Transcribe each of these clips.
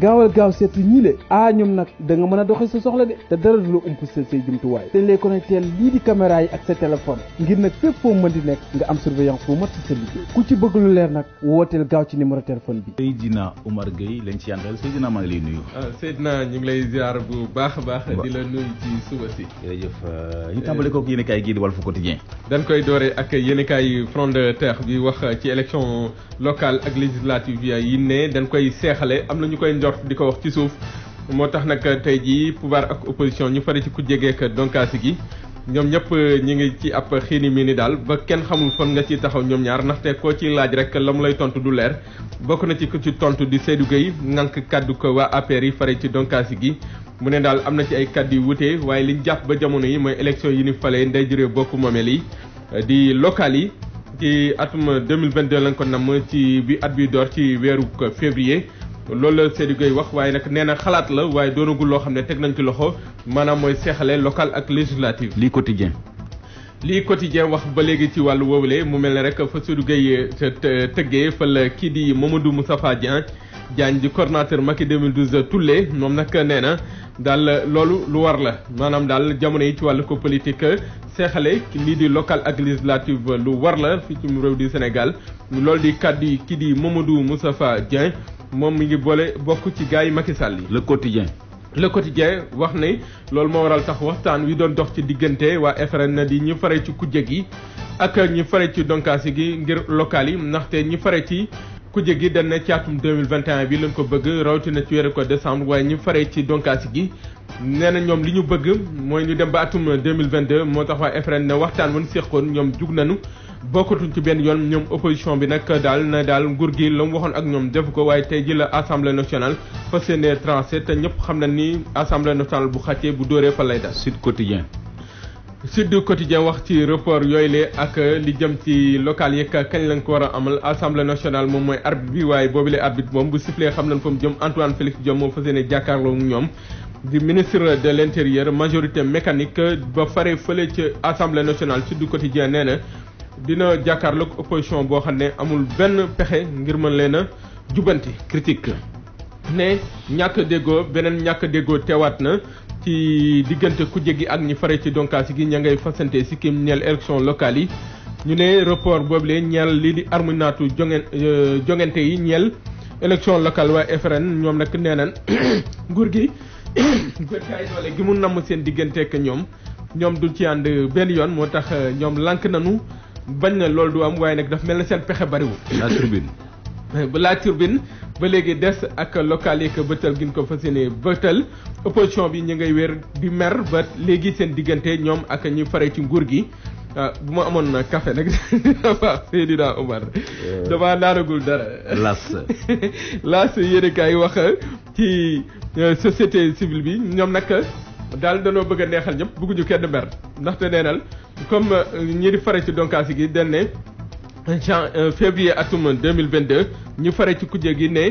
gaawal gaaw seet si ñii le ah ñoom nag da mën a doxee sa soxla de te dara du la umpaseel say jumtuwaay dañ lay connecté lii di caméra yi ak sa téléphone ngir nag fépp foo mën di nekk nga am surveillance bu mat si sa liggéey ku ci bëgg lu leer nag wooteel gaaw ci numéro téléphone bi Seydina Omar Gueye lañ ci yàndal Seydina maa ngi lay nuyu ah, Seydina ñu ngi lay ziar bu baax a baax di la nuyu ci suba si jërëjëf euh, ñu tàmbale kook yéen kaay gii di Walf Quotidien koy doore ak yéen kaay front de terre bi wax ci élection locale ak législative yi ne dañ koy njort di ko wax ci suuf moo tax nag tey jii pouvoir ak opposition ñu fari ci ku jegeek donkaasi gi ñoom ñëpp euh, ñi ngi ci ab xiini mii ni daal ba kenn xamul fan nga ci taxaw ñoom ñaar ndaxte ko ci laaj rek la mu lay tontu du leer bokk na ci ko ci tontu di Seydou Gueye ngànk kàddu ko waa APR yi fare ci donkaasi gi mu ne daal am na ci ay kàddu yu wute waaye li jàpp ba jamono yi mooy élection yi ni fale nday juree bokk moomeel yi di local yi ci atum 2022 lañ ko namm ci bi at bi door ci weeru février loolu la Seydou Gueye wax waaye nag nee na xalaat la waaye doonagul loo xam ne teg nañ ci loxo maanaam mooy seexale local ak législative. lii quotidien lii quotidien wax ba léegi ci wàllu le mu mel ne rek fa Seydou Gueye tëggee fa la kii di Mamadou Moustapha Diagne Diagne di coordonnateur Macky 2012 Tulle moom nag nee na daal loolu lu war la maanaam daal jamono yi ci wàll ko politique seexale lii di local ak législative lu war la fii ci réew di Sénégal loolu di kàddu kii di Mamadou Moustapha Diagne. moom mu ngi boole bokk ci gars yi Macky Sall yi. le quotidien. le quotidien wax ne loolu moo waral tax waxtaan wi doon dox ci diggante waa na di ñu fare ci kujje gi ak ñu fare ci donkaasi gi ngir local yi ndaxte ñi fare ci. kujje gi dañ ne ci atum 2021 bi lañ ko bëgg rawatina ci weeru ko décembre waaye ñu faree ci donkaasi gi nee na ñoom li ñu bëgg mooy ñu dem ba atum 2022 moo tax waa FRN ne waxtaan woon séqoon ñoom jug nañu bokkatuñ ci benn yoon ñoom opposition bi nag daal na daal nguur gi la mu waxoon ak ñoom def ko waaye tey ji la assemblée nationale fa seenee tranché te ñëpp xam na ni assemblée nationale bu xàccee bu dooree fa lay dal. Sud Quotidien. Sud Quotidien wax ci report yooyu le ak li jëm ci locale yeeg kañ lañ ko war a amal assemblée nationale moom mooy arbitre bi waaye boobule arbitre moom bu sifflee xam nañ fa jëm Antoine Félix Diome moo fa seenee jàkkaarloo ak ñoom. di ministre l' intérieur majorité mécanique ba fare fële ci assemblée nationale Sud Quotidien nee na dina jàkkaarloog opposition boo xam ne amul benn pexe ngir mën leen a jubanti critique ne ñàkk déggoo beneen ñàkk déggoo teewaat na ci diggante kujje gi ak ñi fare ci donkaasi gi ña ngay fasante si kim ñeel élection locale yi ñu ne report boobu lee ñeel lii di armu naatu jongen euh, yi ñeel élection locale waa FRN ñoom nag nee nguur gi gërkaay doole gi mu namm seen diggante ak ñoom ñoom du ci ànd benn yoon moo tax euh, ñoom lànk nañu bañ na loolu du am waaye nag daf mel na seen pexe bariwul. ba laa la turbine ba léegi des ak local yi que bëtal gin ko fas yéene bëtal opposition bi ñu ngay wér di mer ba léegi seen diggante ñoom ak ñi fare ci nguur gi. Ah, bu ma amoon kafe nag dina baax Seydina euh, naanagul dara. las las yéen kaay wax ci euh, société civile bi ñoom nag daal danoo bëgg a neexal ñëpp bëgguñu kenn mer ndaxte neenal comme euh, ñi di fare ci donkaas gi dañ ne jan euh, février atum 2022 ñu fare ci kujje gi ne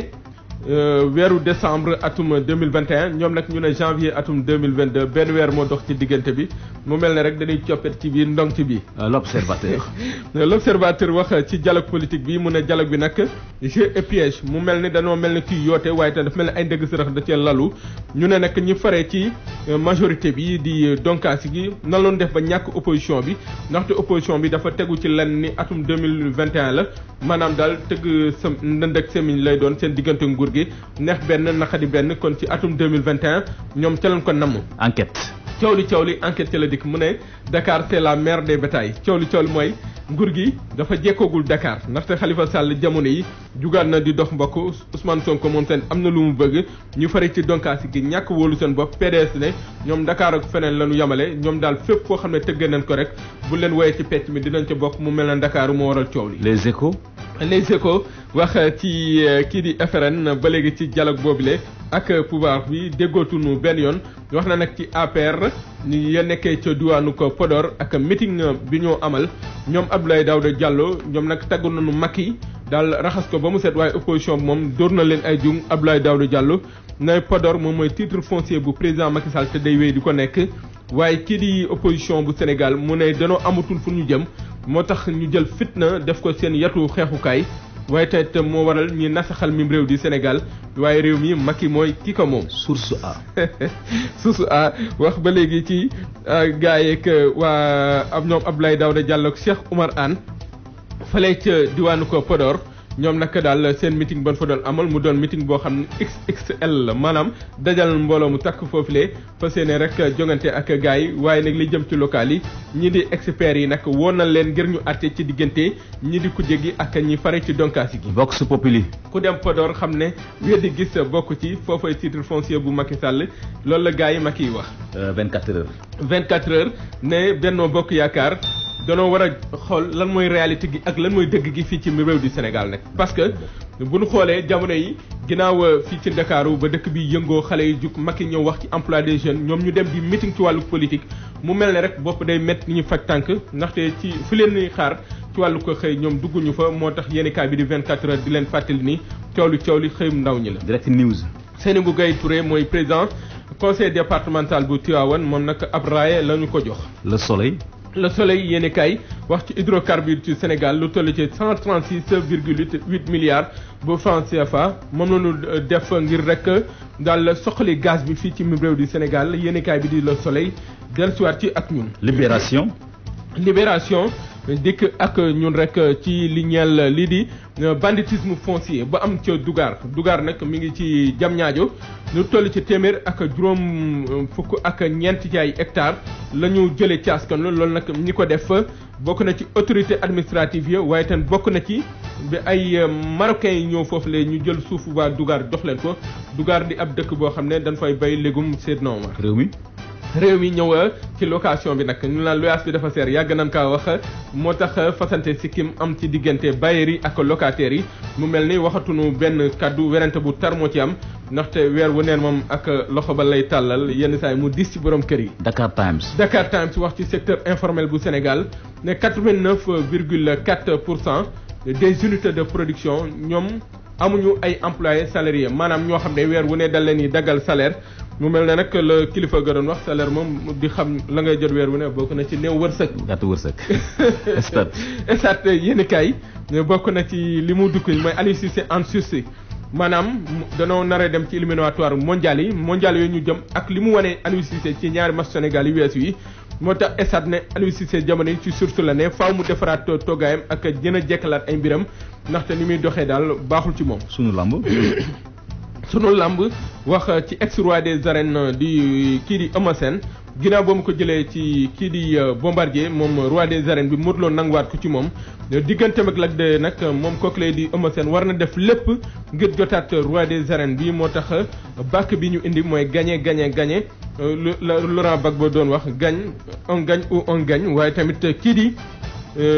euh, weeru décembre atum 2021 ñoom nag ñu ne janvier atum 2022 benn weer moo dox ci diggante bi mu mel ne rek dañuy coppet ci biir ndong ci bi l'observateur l'observateur wax ci dialogue politique bi mu ne dialogue bi nag jeu et piège mu mel ni danoo mel ni kii yoote waaye te daf mel ni ay ndëgg sërëx da cee lalu ñu ne nag ñu fare ci majorité bi di euh, donkaasi gi nan loon def ba ñàkk opposition bi ndaxte opposition bi dafa tegu ci lenn ni atum 2021 la maanaam daal tëgg sa ndënd ak semiñ lay doon seen diggante nguur gi neex benn naqadi benn kon ci atum 2021 ñoom ca lañ ko namm enquête cawli li enquête ci la dikk mu ne Dakar c'est la mère des batailles cawli cawli mooy nguur gi dafa jekkoogul ndakaar ndaxte Khalifa Sall jamono yi jugaat na di dox mbokk Ousmane Sonko moom seen am na lu mu bëgg ñu fari ci donkaas gi ñàkk wóolu seen bopp PDS ne ñoom Dakar ak feneen la ñu yamale ñoom daal fépp foo xam ne tëgg nañ ko rek bu leen woyee ci pecc mi dinañ ca bokk mu mel na Dakar moo waral coow li. les échos. les échos wax eh, ci eh, kii di FRN ba léegi ci dialogue boobule ak pouvoir bi déggootunu benn yoon wax na nag ci APR ñu ya nekkee ca diwaanu ko Podor ak meeting bi ñoo amal ñoom Abdoulaye Daouda Diallo ñoom nag tagg nañu Macky daal raxas ko ba mu set waaye opposition moom dóor na leen ay jum Abdoulaye Daouda Diallo ne Podor moom mooy titre foncier bu président Macky Sall te day wéy di ko nekk waaye kii di opposition bu Sénégal mu ne danoo amatul fu ñu jëm moo tax ñu jël fitna def ko seen yatu xeexukaay waaye tey itam moo waral ñi nasaxal mim réew di Sénégal waaye réew mi Macky mooy ki ko moom. source a source a wax ba léegi ci euh, gaa yeeg euh, waa ñoom lay Daouda Diallo ak Cheikh Oumar Anne fële ca diwaanu ko Podor. ñoom nag daal seen meeting ban fa doon amal mu doon meeting boo xam ne XXL la maanaam dajal mbooloo mu takk foofulee fas yéene rek jongante ak gars yi waaye nag li jëm ci local yi ñi di experts yi nag woon na leen ngir ñu àtte ci diggante ñi di kujje gi ak ñi fare ci bokk gi. Vox Populi. ku dem Podor xam ne weddi gis bokk ci foofay titre foncier bu Macky Sall loolu la gars yi Macky wax. 24 euh, heures. 24 heures ne Benno Bokk Yaakaar. danoo war a xool lan mooy réalité gi ak lan mooy dëgg gi fii ci réew di Sénégal nag parce que bu ñu xoolee jamono yi ginnaaw euh, fii ci Ndakaaru ba dëkk bi yëngoo xale yi jug Macky ñëw wax ci emploi des jeunes ñoom ñu dem di meeting ci wàllu politique mu mel ne rek bopp day métti ni ñu faj tànk ndaxte ci fi leen ni xaar ci wàllu ko xëy ñoom dugguñu fa moo tax yéeni kaay bi di 24 heures di leen fàttali ni coow li coow li xëyum ndaw ñi la. Direct News. Seynabou Gaye Touré mooy président conseil départemental bu Tivaouane moom nag ab la ñu ko jox. Le Soleil. la soleil yéeni kay wax ci hydrocarbures ci Sénégal lu toll ci cent trente six virgule huit huit milliards bu france fa moom la ñu euh, def ngir rek euh, daal soxali gaz bi fii ci mim réew di Sénégal yéeni kay bi di le soleil dellusiwaat ci ak ñun libération libération dikk ak ñun rek ci li lii di euh, banditisme foncier ba am ca Dugar dugaar nag mi ngi ci Diamniadio lu toll ci téeméer ak juróom euh, fukk ak ñeent ci ay hectares la ñu jëlee ci askan loolu nag ñi ko def bokk na ci autorité administrative yi waaye itam bokk na ci bi ay euh, marocains yi ñëw foofu la ñu jël suufu waa Dugar jox leen ko Dugar di ab dëkk boo xam ne dañ fay bay légume Seydina Omar réew mi réew mi ñëw euh, ci location bi nag ñu naan loyaas bi dafa seer yàgg nañ kaa wax moo tax euh, fasante sikkim am ci diggante bailleurs yi ak locataires yi mu mel ni waxatunu benn kàddu werante bu tar moo ci am ndaxte weer wu neen moom ak loxo ba lay tàllal yenn saa mu dis ci borom kër yi. Dakar Times. Dakar Times wax ci secteur informel bu Sénégal ne 89 virgule 4 pour cent des unités de production ñoom amuñu ay employés salariés maanaam ñoo xam ne weer wu ne dal leen yi daggal salaire. mu mel ne nag la kilifa ga doon wax salaire moom di xam la ngay jot weer wu ne bokk na ci néew wërsëg. gàtt wërsëg. estat estat yéen kaay bokk na ci li mu dugg mooy Aliou Cissé en sursis maanaam danoo naree dem ci éliminatoire mondial yi mondial yooyu ñu jëm ak li mu wanee Aliou ci ñaari match senegal yu weesu yi. moo tax estat ne Aliou Cissé yi ci surtout la ne faaw mu defaraat toggaayam ak gën a jekkalaat ay mbiram ndaxte ni muy doxee daal baaxul ci moom. sunu làmb sunu wax ci ex roi des arènes di kii di Eumeu Sène ginnaaw ba mu ko jëlee ci kii di euh, bombardier moom roi des arènes bi Modou Lo nanguwaat ko ci moom diggante ak Lac de nag moom kooku di Eumeu Sène war na def lépp ngir jotaat roi des arènes bi moo tax euh, bàkk bi ñu indi mooy gagné gagné gañe euh, lu Laurent Gbagbo doon wax gagne on gagne ou on gagne waaye tamit kii di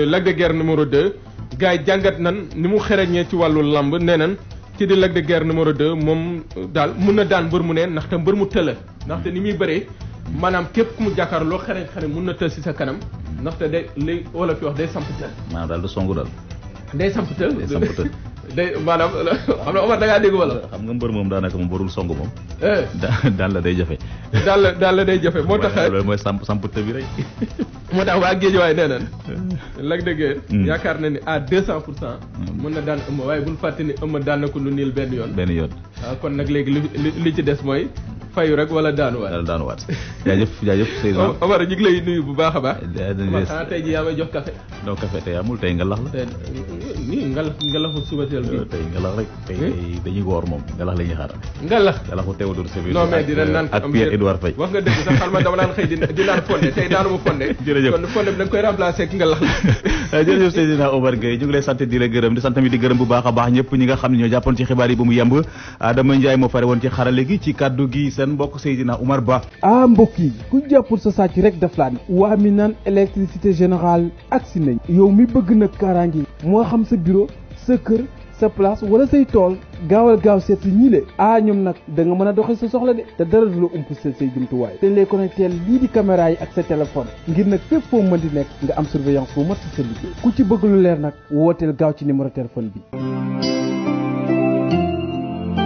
Lac de Guiers numéro 2 gars yi jàngat nan ni mu xereñee ci wàllu lamb nee nan kii di Lac de Guiers numéro 2 moom euh, daal mun na daan mbër mu ne ndaxte mbër mu tëla ndaxte ni muy bëree manaam képp ku mu jàkkaarloo xare xare mun na tël si sa kanam ndaxte day li wala fi wax day samp tël maanaam daal du songu daal day samp tël day maanaam xam na Omar da dégg wala. xam nga mbër moom daanaka moom warul song moom. Eh. daan la day jafe. daan la daan la day jafe moo tax. loolu mooy samp samp tëbi rek. moo tax waa géej waaye nee lag eh. Lac hmm. yaakaar na ni à 200 pour cent. Hmm. mën na daan ëmb waaye bul fàtte ni ëmb daan na ku lu niil benn yoon. benn yoon ah, kon nag léegi li li ci des mooy. fayu rek wala daanuwaat wala daanuwaat jaajëf jaajëf Seydou Omar ñu ngi lay nuyu bu baax a baax xanaa ah, tey ji yaa may jox café non la nii ngalax euh, hmm? la ñuy xaar dina da nga koy remplacer ak la euh, jërëjëf Seydina Omar Gueye ñu ngi lay sant di la gërëm di sant tamit di gërëm bu baax a baax ñëpp ñi nga xam ne ñoo jàppoon ci xibaar yi ba mu yemb Adama Ndiaye moo fare woon ci xarale gi ci kaddu gi seen mbokk Seydina Oumar Ba. ah mbokk yi ku jàppul sa sàcc rek daf laa ne. waa mi naan électricité ak agsi nañ. yow mi bëgg nag kaaraange yi. moo xam sa bureau sa kër sa place wala say tool. gaawal gaaw seet si ñii le ah ñoom nag da nga mën a doxee sa soxla de te dara du la ump sa say jumtuwaay dañ lay connecté lii di caméra yi ak sa téléphone ngir nag fépp foo mën di nekk nga am surveillance bu mat si sa liggéey ku ci bëgg lu leer nag wooteel gaaw ci numéro téléphone bi